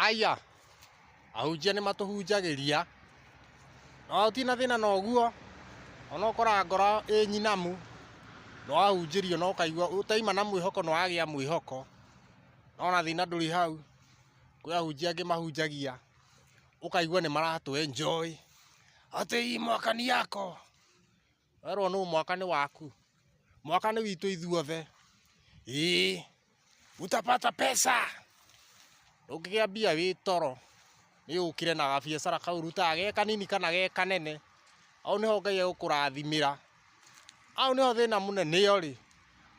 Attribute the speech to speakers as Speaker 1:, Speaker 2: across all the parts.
Speaker 1: aya ahunjia nä matåhunjagä ria no na thä na guo ona kora ngora ä nyinamu no ahunjä rio no kaigua utaima na mwä hoko no wagä a mwä hoko nona thä na ndå rä hau kwä ahunjia angä mahunjagia å kaigua nä maratå enjoy
Speaker 2: atä mwaka nä yako
Speaker 1: werwo no mwaka nä waku mwaka nä witå ithuothe
Speaker 2: ii utapata pesa
Speaker 1: ungigia mbia wi toro ni ukire na gabiacara kau rutaga ge kanini kana ge kanene au niho ngai ukurathimira au niho thina munene yo ri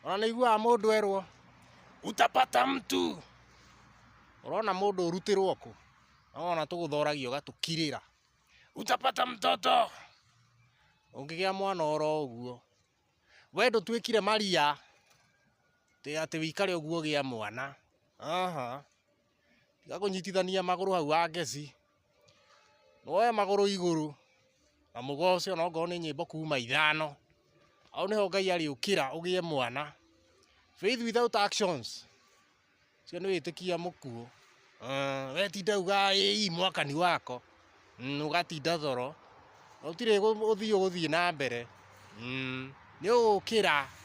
Speaker 1: ona nä iguaga må ndå erwo
Speaker 2: utapata mtu
Speaker 1: ona må ndå å rutä ona tuguthoragio gatukirira å gatå kirä
Speaker 2: utapata mtoto
Speaker 1: å ngä mwana oro å guo we ndå tuä kire maria atä wikare å guo gä a mwana aha nyitithania magå maguru hau magå rå maguru iguru na mugoce ona nä ni nyimbo kuma ithano au ho ngai kä ugie mwana faith without actions cio ni kia mukuo uh, wetinda uga i mwakani wako å gatinda thoro tirä å thiä å gå thiä na mbere mm. nä å kä ra